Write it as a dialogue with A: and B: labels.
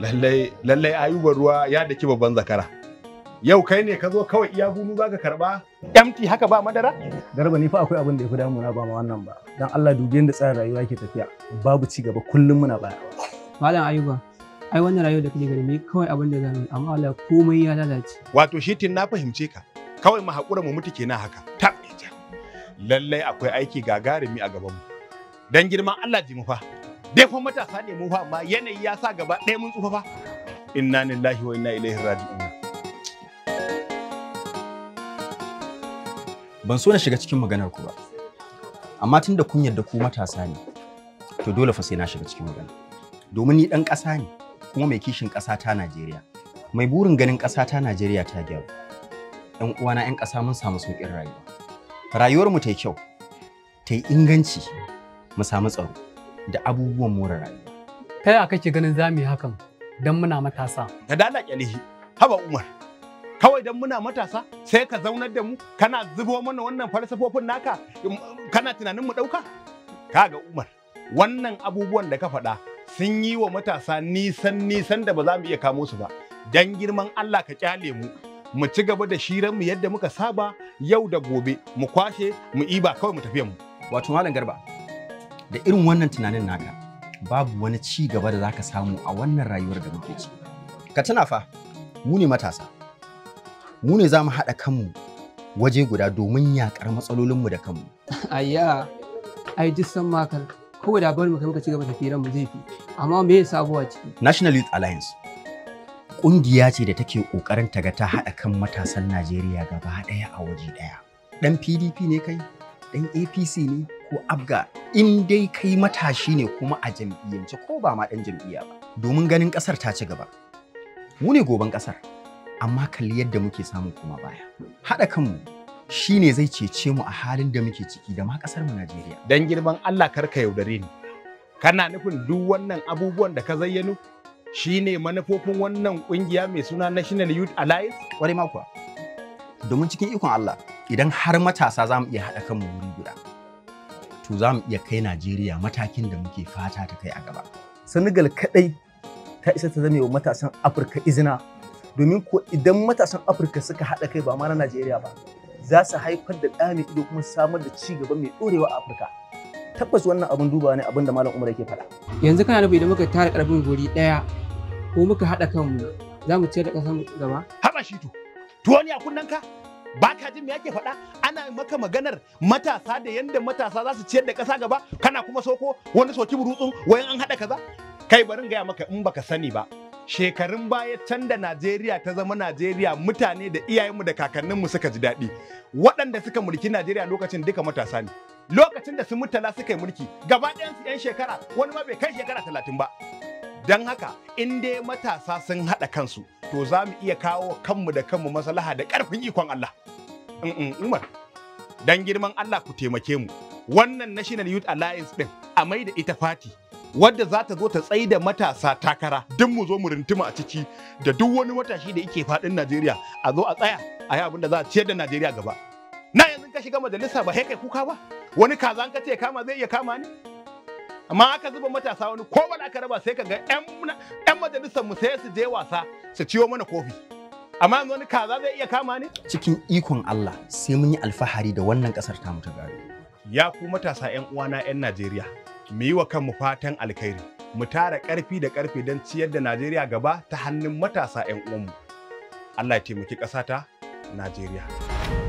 A: lallai lallai ayuba ruwa ya daki babban zakara yau kai ne ka zo kawai iya bunu za ka karba empty haka ba madara
B: garba ni fa akwai abin da ya fi damuna ba ma wannan ba dan Allah dubiyan da tsarin rayuwa ke tafiya babu ci gaba kullum muna baya
A: malam ayuba ai wannan rayuwar da kake gari me kawai abin da zamu amma Allah komai ya lalace wato shitin na fahimce ka kawai mu hakura mu mutu kenan haka tabbata lallai akwai aiki gagarumi a gaban mu dan girman Allah ji mu fa dai kuma matasa ne mu fa amma yanayi ya sa gaba ɗaya mun tsufa fa inna lillahi wa inna ilaihi raji'un
B: ban so na shiga cikin maganar ku ba amma tunda kun yarda ku matasa ne to dole fa sai na shiga cikin magana domin ni dan ƙasa ne kuma mai kishin ƙasa ta Najeriya mai burin ganin ƙasa ta Najeriya ta gyaru ƴan uwana ƴan ƙasa mun samu sauƙin rayuwa rayuwar mu ta yi kyau ta yi inganci mu samu tsaro da abubuwan more rayuwa. Kai a kake ganin za mu yi hakan don muna matasa?
A: Ka dala kyalihi, haba Umar. Kawai don muna matasa sai ka zaunar da mu kana zubo mana wannan falsafofin naka um, kana tunanin mu ɗauka? Kaga Umar, wannan abubuwan da ka faɗa sun yi wa matasa nisan nisan da ba za mu iya kamo su ba. Don girman Allah ka kyale mu, mu ci gaba da mu yadda muka saba yau da gobe mu kwashe mu iba kawai mu tafiya mu. Wato Malam Garba, da irin wannan tunanin naka
B: babu wani ci gaba da zaka samu a wannan rayuwar da muke ci ka tuna fa mu ne matasa mu ne za mu haɗa kanmu waje guda domin yaƙar matsalolinmu da kanmu
A: ayya ai duk san makar ko da bari mu kai muka ci gaba da firan mu zai fi amma me ya sabuwa ciki
B: National Youth Alliance kungiya ce da take kokarin ta ga ta haɗa kan matasan Najeriya gaba ɗaya a waje ɗaya Ɗan PDP ne kai dan apc ne ko abga in dai kai matashi ne kuma a jam'iyyance ko ba ma ɗan jam'iyya ba domin ganin ƙasar ta ci gaba mu ne goben ƙasar. amma kalli yadda muke samu kuma baya haɗa kanmu shi ne zai cece mu a halin da muke ciki da ma kasar mu Najeriya
A: dan girman Allah kar ka yaudare ni kana nufin duk wannan abubuwan da ka zayyano shine manufofin wannan kungiya mai suna National Youth Alliance? Kwarai ma kuwa. Domin
B: cikin ikon Allah,
A: idan har matasa za mu iya haɗa kanmu wuri guda
B: to za mu iya kai najeriya matakin da muke fata ta kai a gaba senegal kaɗai ta isa ta zame wa matasan afirka izina domin ko idan matasan afirka suka haɗa kai ba ma na najeriya ba za su haifar da ɗa ido kuma samar da ci gaba mai ɗorewa a afirka tabbas wannan abin duba ne abin da malam umar yake faɗa yanzu kana nufi idan muka tara ƙarfin guri ɗaya ko muka haɗa kanmu za mu ciyar da ƙasar gaba haɗa shi to tuwo ne
A: a kunnen ka ba ka jin me yake faɗa ana maka maganar matasa da yanda matasa za su ciyar da ƙasa gaba kana kuma soko wani soki burutsun wayan an haɗa kaza kai barin gaya maka in baka sani ba shekarun baya can da Najeriya ta zama Najeriya mutane da iyayenmu da kakanninmu suka ji daɗi waɗanda suka mulki Najeriya lokacin duka matasa ne lokacin da su mutala suka yi mulki gaba ɗayan su 'yan shekara wani ma bai kai shekara talatin ba don haka in dai matasa sun haɗa kansu to za mu iya kawo kanmu da kanmu maslaha da ƙarfin ikon Allah Umar don girman Allah ku taimake mu wannan National Youth Alliance ɗin a mai da ita fati wadda za ta zo ta tsaye da matasa takara duk mu zo mu rintuma a ciki da duk wani matashi da yake faɗin Najeriya a zo a tsaya a yi abin da za a ciyar da Najeriya gaba na yanzu ka shiga majalisa ba kai kuka ba wani kaza an ka ce kama zai iya kama ni amma aka zuba matasa wani ko ba aka raba sai ka ga 'yan majalisar mu sai su je wasa su ciwo mana kofi amma yanzu wani kaza zai iya kama ni cikin
B: ikon Allah sai mun yi alfahari da wannan kasar ta mu gari
A: ya ku matasa 'yan uwana 'yan Najeriya mu yi wa kanmu fatan alkhairi mu tara karfi da karfe don ciyar da Najeriya gaba ta hannun matasa 'yan uwanmu Allah ya taimaki ƙasata Najeriya.